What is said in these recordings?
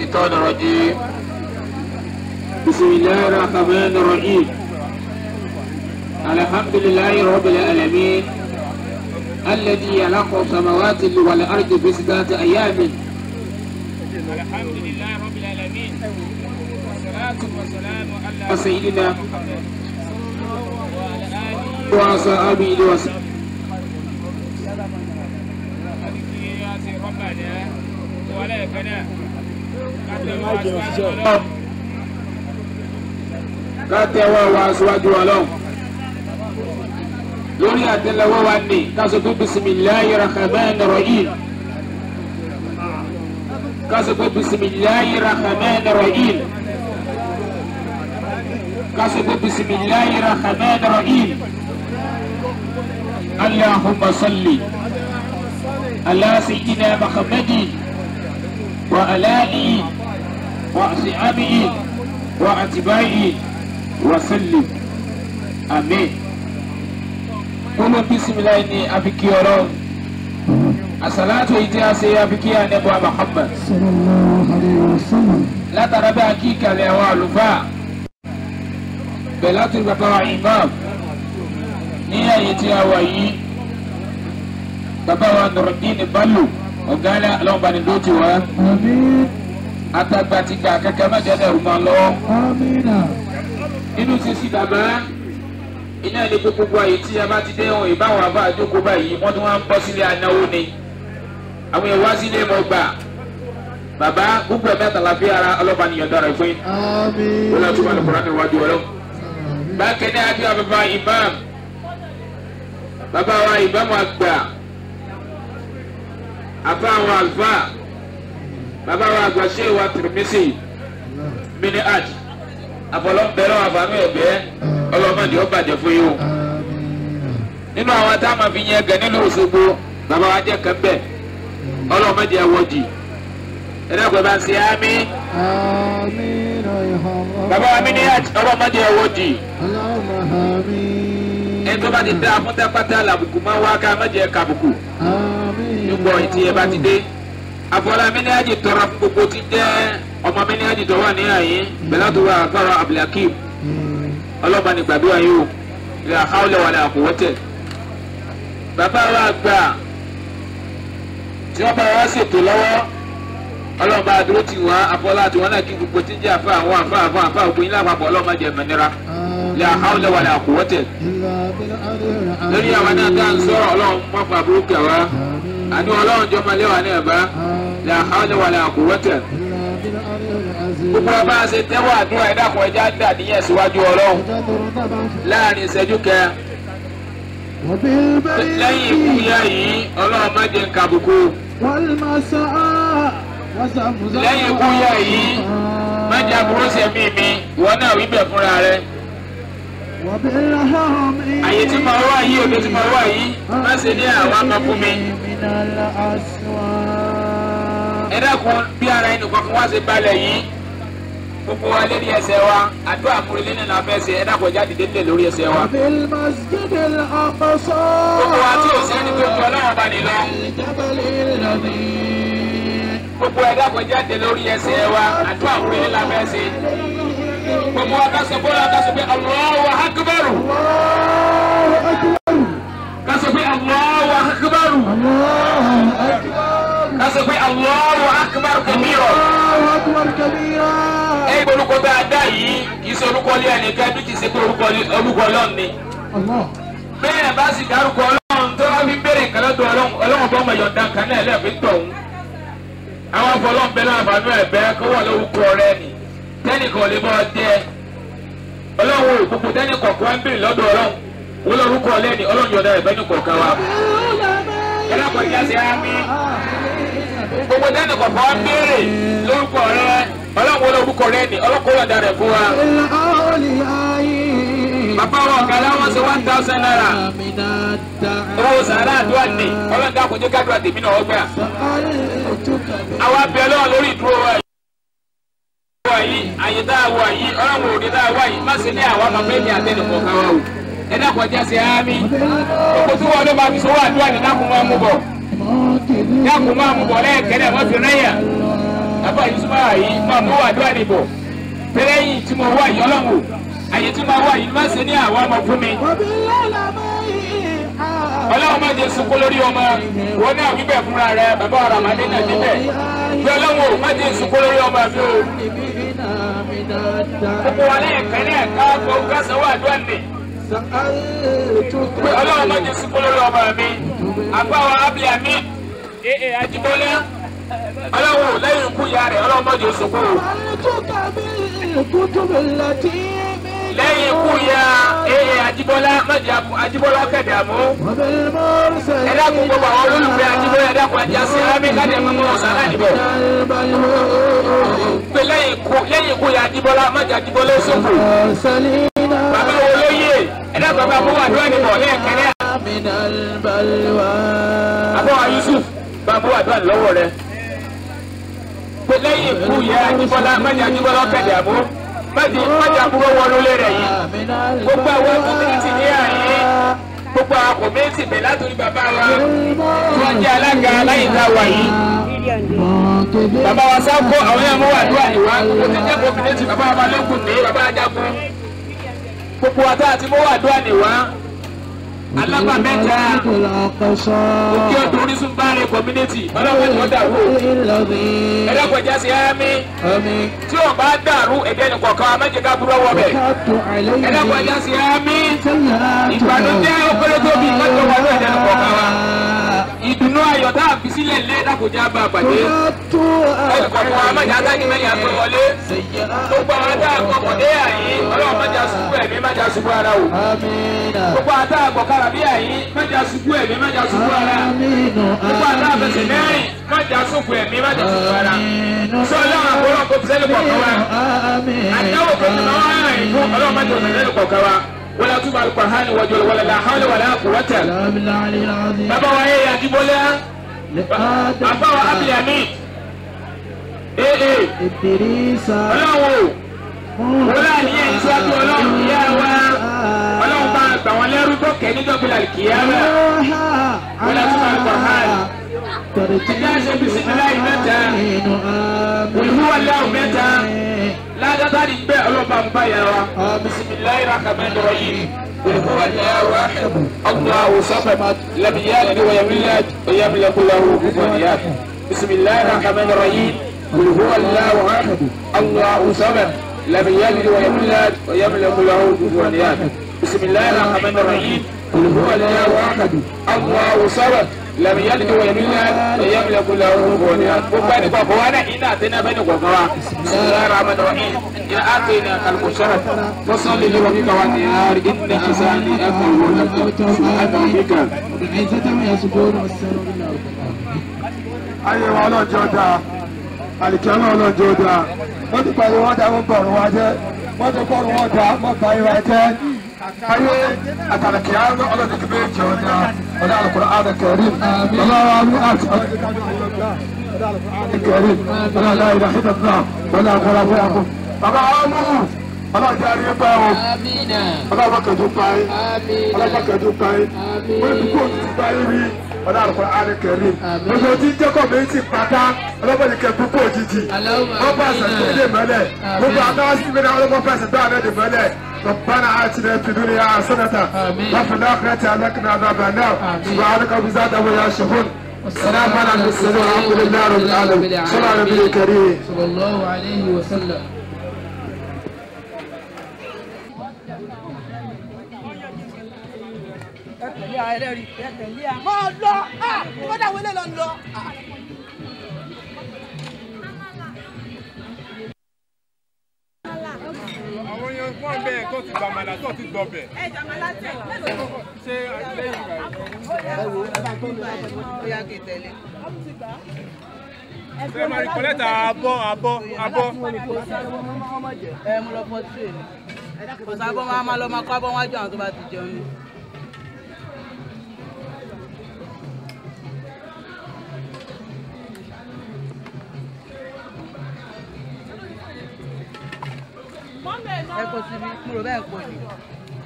الشيطان الرجيم بسم الله الرحمن الرحيم الحمد لله رب العالمين الذي يلقى السماوات والأرض في ستة أيام الحمد لله رب العالمين والصلاة والسلام على سيدنا محمد وعلى اله وصحبه وسلم ولا فناء ká tẹwọ́ wa síwájú ọlọ́run lórí àtẹ́lẹwọ́ wa ní ká sọ pé bisimilayi rahmanir rahim ká sọ pé bisimilayi rahmanir rahim ká sọ pé bisimilayi rahmanir rahim allahumma salli ala sayyidina muhammadin. وآلائه وأصحابه وأتباعه وسلم آمين kolo bisimilayi ni abikiyọrọ asalatu yi ti a se abikiya ne bọ Muhammad latara bẹ a k'i kalẹ wa alufa bẹlẹtu baba wa imam ni a yi ti a wa yi baba wa nọrọ ni ni balo ọ̀gá ilé ọlọ́run bani ló ti wá. atagbatigba kẹkẹ mẹjọ dẹrù máa lọ. nínú sisi bàbá iná ilé gbogbo àyè tí a bá ti dé ohun ìbáwọn àbá àjókòó báyìí wọ́n tún wá ń bọ́ sílé anáwó ni àwọn èèyàn wá sílé mọ́ gbà bàbá gbogbo ẹ̀mí àtàlàfé ara ọlọ́ba nìyẹn dára fún yín. wọ́n lọ tún bá lọ́kùnrin ní iwájú ọlọ́run. bákẹ́ni àti àbàbà ìbámu bàbá wa ìbámu àgbà àbá àwọn àlùfáà bàbá wa àgbà wa tìrìmísì mini hajj àfọlọ́mbẹ́rẹ́ wà fàmí ọ̀bẹ́ ọlọ́mọdé ó bàjẹ́ fún yìí o nínú àwọn táwọn fi yẹn gẹ̀ nínú Òṣogbo bàbá wa jẹ́ kẹ́ bẹ́ẹ̀ ọlọ́mọdé ẹ̀ wọ́jì ẹ̀dẹ́gbẹ́ bá ń ṣe ámì. bàbá wa mi ní ọlọ́mọdé ẹ̀ wọ́jì ti dá fún làbùkù máa wá ká mẹ́jẹ̀ kàbùkù gbogbo ìtì ẹ bá ti dé àfọlá mẹnìyàjì tọrọ gbogbo ti jẹ ọmọ mẹnìyàjì tọwọ àníyàn bẹlẹtọwọ àgbàrọ abdulhakeem ọlọ́ba ní gbàdúrà yìí o ìlà àkàwọlẹ̀ wà ní àkùwọ́tẹ̀ bàbá wa gbà tí wọ́n bá wa ṣètò lọ́wọ́ ọlọ́ba àdúró tiwọn àfọlá tiwọn náà kí gbogbo ti jẹ àfa àwọn àfa àwọn àfa ògbóyin lápapọ̀ ọlọ́mọdé mẹ́nira la hawla wala quwwata lórí àwọn náà tá à ń sọ̀rọ̀ ọlọ́run pápá burúkú àwa àní ọlọ́run jọmọ lẹ́wà náà bá la hawla wala quwwata gbogbo ọba ṣe tẹ́wọ́ àdúrà ẹ̀dá kan ẹja dà níyẹn síwájú ọlọ́run láàrin ìṣẹ́jú kẹ́ẹ́ lẹ́yìn ìkúyà yìí ọlọ́run má jẹ́ nkàbùkù. lẹ́yìn ìkúyà yìí má jẹ́ àbúrò sẹ́mi mi ìwọ náà wí bẹ̀ fúnra rẹ̀ àyè tí mo wà yìí òde tí mo wà yìí má ṣe ní àwọn akọkùn mi. ẹ dákun bí ara ẹnì kankan wá ṣe balẹ̀ yìí gbogbo wa lórí ẹsẹ̀ wa àdúrà múrelé nínú afẹsẹ ẹ dákun ẹjá dìde nílẹ̀ lórí ẹsẹ̀ wa. gbogbo wa tí ò sẹ́ni tó ju ọlọ́run bá nílọ. gbogbo ẹ dákun ẹjá dìde lórí ẹsẹ̀ wa àdúrà múrelé nínú afẹsẹ gbogbo akásọ bọ́lá akásọ pé Allahu akbar. kásọ pé Allahu akbar. kásọ pé Allahu akbar kabira. ẹ ìgbọ́lùkọ́ tá a dá yìí kì í ṣe orúkọ ilé ẹnìkan bí kì í ṣe pé orúkọ ọlọ́run ni. bẹ́ẹ̀ bá sì dárúkọ ọlọ́run tó wá fi béèrè nǹkan lọ́dọ̀ ọlọ́run bọ́ ọmọ yọ̀ǹda kan náà lẹ́ẹ̀fín tọ̀hún. àwọn afọlọ́ọ̀bẹ náà bàánú ẹ̀ bẹ́ẹ̀ kọ́wọ́ lórúkọ rẹ ni tẹ́nìkan lè máa jẹ ọlọ́run òkùnkù tẹ́nìkan kọ́ ń lọ́dọ̀ ọlọ́run wọ́n lọ́rùkọ lẹ́ni ọlọ́run yọ̀dá ẹ̀fẹ́ ní kọ̀ọ̀kan wa. ẹlẹ́kọ̀ọ́ ti ẹsẹ̀ ámì gbogbo tẹ́nìkan kọ́ ń bèrè lórúkọ rẹ ọlọ́run wọ́n lọ́rùkọ lẹ́ni ọlọ́kọ̀ yọ̀dá rẹ̀ fún wa. bàbá wa ọ̀gá aláwọ̀ ṣe one thousand naira owó sàrà àdúrà ni ọlọ́run dàkúnjẹ́ kádùrà tèmi náà ọgbà. àwa bẹ̀ lọ́wọ́ lórí ìdúró wa wà yìí àyè tá a wà yìí ọlọ́run òde tá a wà yìí má sì ní àwọn àmọ́ bẹ́ẹ̀ ni o ẹ dákun sí àmì gbogbo wọn ló máa fi sọ wà dúwà ní dákun máa mú bọ̀ dákun máa mú bọ̀ lẹ́ẹ̀kẹ́rẹ́ wọ́n fi rẹ́yà àbá Yusuf àyè máa mú wà dúwà níbọ tẹ́lẹ̀yìn tí mo wà yìí ọlọ́run àyè tí mo wà yìí má ní àwọn ọmọ fún mi ọlọ́run má jẹ́ sunkún lórí ọmọ wọn náà wíbẹ̀ fúnra rẹ bàbá Ramadan náà má jẹ́ sunkún lórí ọmọ mi o gbogbo ọlọ́run eh, eh, lẹ́yìn ikú ya rẹ̀ ọlọ́run má jẹ́ sukú. àyè tó kàmí ìkú tó mi lọ díẹ̀ lẹ́yìn ikú ya ee Ajíbọ́lá mẹ́jọ Ajíbọ́lá kẹ̀dẹ̀ àmú. ẹ dákun gbogbo àwọn olólùfẹ́ Ajíbọ́lá ẹ dákun ajá sí rámi káde mímú ọ̀sán láti bọ̀. pé lẹ́yìn ikú ya Ajíbọ́lá mẹ́jọ Ajíbọ́lá sófò. bàbá wo lóye ẹ dákun bá fún àdúrà nìbọ̀ lẹ́ẹ̀kẹ́rẹ́. àbọ̀ Yusuf bá fún àdúrà lọ́wọ́ rẹ̀. pé lẹ́yìn ikú ya Ajíbọ́lá mẹ́jọ Ajíbọ́lá kẹ̀dẹ̀ àmú bẹ́ẹ̀ni ìpàjà kúrò wọnú lé rẹ̀ yìí gbogbo àwọn kọ́míìtì ní àyè gbogbo àwọn kọ́míìtì bẹ̀ látòrí bàbá wa tí wọ́n jẹ́ alága aláìta wà yìí bàbá wa Sanko àwọn yàrá wà ní àyíwá kò tí jẹ́ kọ́míìtì bàbá wa lẹ́kùn ní bàbá ajagun gbogbo wa tá a wà ní àyíwá alábàmẹ́ta òkè ọdún orísun báre community ọlọ́wọ́ ni wọ́n dàrú ẹ̀dẹ́gbẹ̀já sí ẹ́mí tí ò bá dàrú ẹ̀jẹ̀ nìkan kan amẹ́jẹ̀ká burú ọwọ́ bẹ̀ ẹ̀dẹ́gbẹ̀já sí ẹ́mí ìgbàlódé ọpẹlẹ tóbi mọ́tò wà lóyún ẹ̀dẹ́ nìkan wa ìdùnnú ayọ̀ tá a fi sílẹ̀ lé dákòjá bá a pàdé. ẹnì kọ̀ọ̀kan wa máa jáde wọlé. gbogbo àwọn tá a kọkọ̀ dé àyín ọlọ́run má já ẹ̀mí má já ara o. gbogbo àwọn tá a gbọ̀kara bí àyín má já ẹ̀mí má já ara. gbogbo àwọn tá a fẹsẹ̀ mẹ́rin má já ẹ̀mí má já ara. sọ ọlọ́run àbúrò kò fi sẹ́ni kọ̀ọ̀kan wa. àdáwò kò wala tuba alukuraani wajol wala la hawla wala quwwata. bàbá wa ye yan dibola bàbá wa abiyami ee eh, eh. ọlọ́wọ́ wọlé àníyàn ìṣáájú ọlọ́run ìyá wa ọlọ́run bá gbà wọ́n lẹ́rú gbọ́kẹ́ nídọ́gbìlà kìíyá rẹ̀ wọlé tuba alukuraani. ẹ̀dá ṣe bisimilayi mẹ́ta olùwọ́lá ọ̀mẹ́. تاني بعلو بامبايا بسم الله الرحمن الرحيم هو الواحد الله صمد لم يلد ولم يولد ولم يكن له كفوا بسم الله الرحمن الرحيم قل هو الله واحد الله صمد لم يلد ولم يولد ولم يكن له كفوا بسم الله الرحمن الرحيم قل هو الله واحد الله صمد لم يلد ولم يولد ولم يكن له كفوا احد بسم الله الرحمن الرحيم يا آتيناك البشرى فصل لربك وانهار إن حسانك هو الأكثر سبحان ربك العزة ما يصفون والسلام ayé wa ọlọ́jọ́ da àlìkẹ́lẹ́ ọlọ́jọ́ da wọ́n ti pàdé wọ́n da wọ́n bọ̀rùn wa jẹ́ wọ́n ti bọ̀rùn wọn da wọ́n bá yín wa jẹ́ ayé àtàlẹ́kẹ́ ayé ọlọ́jọ́ tó bẹ́ẹ̀ jẹ́ ọ̀dà ọ̀dà Al-Qur'an Al-Karim bàbá ọlọ́mù ọlọ́jà rí ẹ pẹ́ o ọlọ́ba kẹjọ parí ọlọ́ba kẹjọ parí wọ́n ti kó ti parí rí ọlọ́run àlùkò àlè kẹrin gbogbo tí jẹ́kọ̀ mi ti pátá ọlọ́ba ní kẹ́kọ̀ kó òjijì wọ́n bá ẹsẹ̀ tó dé mọ́lẹ̀ gbogbo àtàwọn sí mi náà ọlọ́ba fẹsẹ̀ tó àná dé mọ́lẹ̀ ربنا آتنا في الدنيا حسنة وفي الآخرة أهلكنا عذاب النار سبحانك وبزاد أبو يا شهود والسلام على المرسلين والحمد لله رب العالمين صلى الله عليه وسلم ààrẹ rí tẹ̀lé à. mo lọ ah, kódà wọlé lọ lọ. àwọn èèyàn fún ọbẹ̀ tó ti gbàmàlà tó ti gbọ̀bẹ̀. ẹ jàmàlà tẹ̀. ṣé àtìlẹ́yìn ìgbà yìí. ẹ wo ẹ bá tó lọ bóyá kì í tẹ̀lé ẹ máa rí kọ́lẹ́tà abọ́ abọ́ abọ́. ẹ mo lọ pọ́ tírè ní. kò sábọ́ wọn a lọ máa kọ́ abọ́ wájú àwọn tó bá ti jẹun ní. ẹ kò sí mi mo rò bẹ́ẹ̀ pọ̀ ni.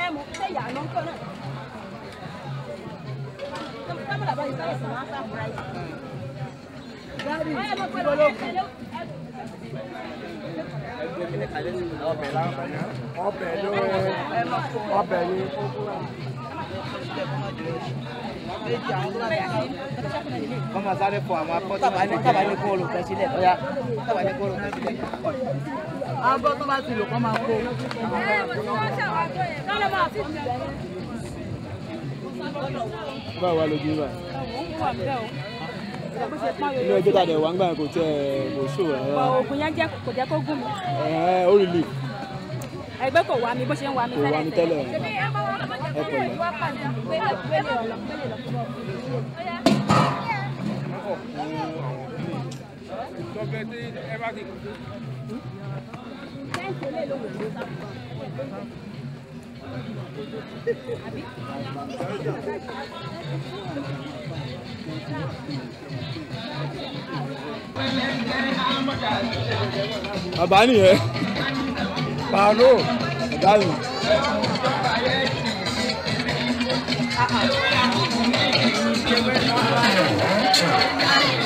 ẹ mọ̀ pé ìyá ló ń kọ́ náà. ọbẹ̀ láǹfààní ọbẹ̀ ọbẹ̀ ni wọ́n máa sáré fún àwọn akọ́tà bá ní kó olùkọ́ sílẹ̀ bóyá abọ́ tó bá ti lò kọ́ máa kó. ẹ lójú bá. inú ẹjọ́ tá a dẹ̀ kò tẹ kò ṣó rárá. oògùn yẹn kò jẹ́ kó gùn mi. ẹ ó rí lè. ẹgbẹ́ kò wá mi bó ṣe ń wá mi tẹ́lẹ̀. kò wá mi tẹ́lẹ̀ ẹ pẹ̀lẹ́ bàbá nìyẹn pàánù ọ̀gá Thank you.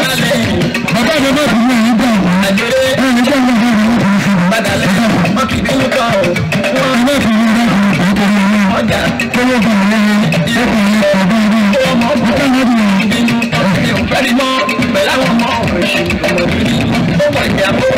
Gracias. bá bínú ẹ̀yìn dà wá ẹ̀yìn dà wá bá wọn kàn fún wa. ẹ má fi bínú bá wọn kàn fún wa. owó bá wọn lé ẹ bá wọn kàn bá wọn. ó tẹ̀ wọ́n bí wọn. bẹ́ẹ̀ ni mo pẹ̀lú àwọn ọmọ ọ̀rẹ́ ṣe ọmọ ìbílẹ̀ ó wà ní àbọ̀.